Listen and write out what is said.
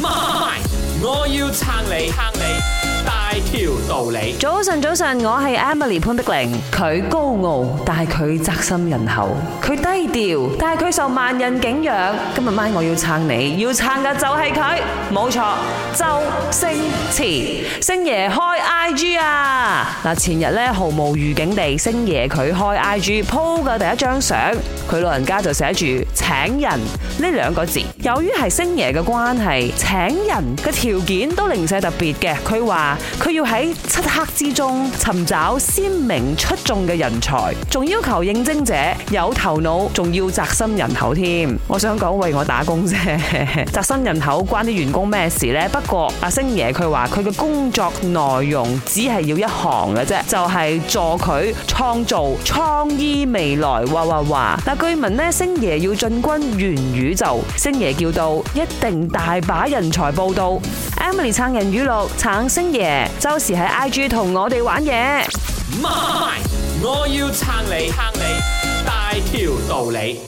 My, 我要撐你，撐你大條道理。早晨，早晨，我係 Emily 潘德玲。佢高傲，但係佢宅心仁厚；佢低調，但係佢受萬人景仰。今日晚我要撐你，要撐嘅就係佢。冇錯，周星馳，星爺開 I G 啊！嗱，前日咧毫無預警地，星爺佢開 IG 鋪嘅第一張相，佢老人家就寫住請人呢兩個字。由於係星爺嘅關係，請人嘅條件都零舍特別嘅。佢話佢要喺漆黑之中尋找鮮明出眾嘅人才，仲要求應徵者有頭腦，仲要窄身人口添。我想講喂，我打工啫，窄 身人口關啲員工咩事咧？不過阿星爺佢話佢嘅工作內容只係要一嘅啫，就係助佢創造創意未來，哇哇哇！嗱，據聞咧星爺要進軍元宇宙，星爺叫到一定大把人才報到。Emily 撐人語錄，撐星爺，周時喺 IG 同我哋玩嘢。我要撐你，撐你大條道理。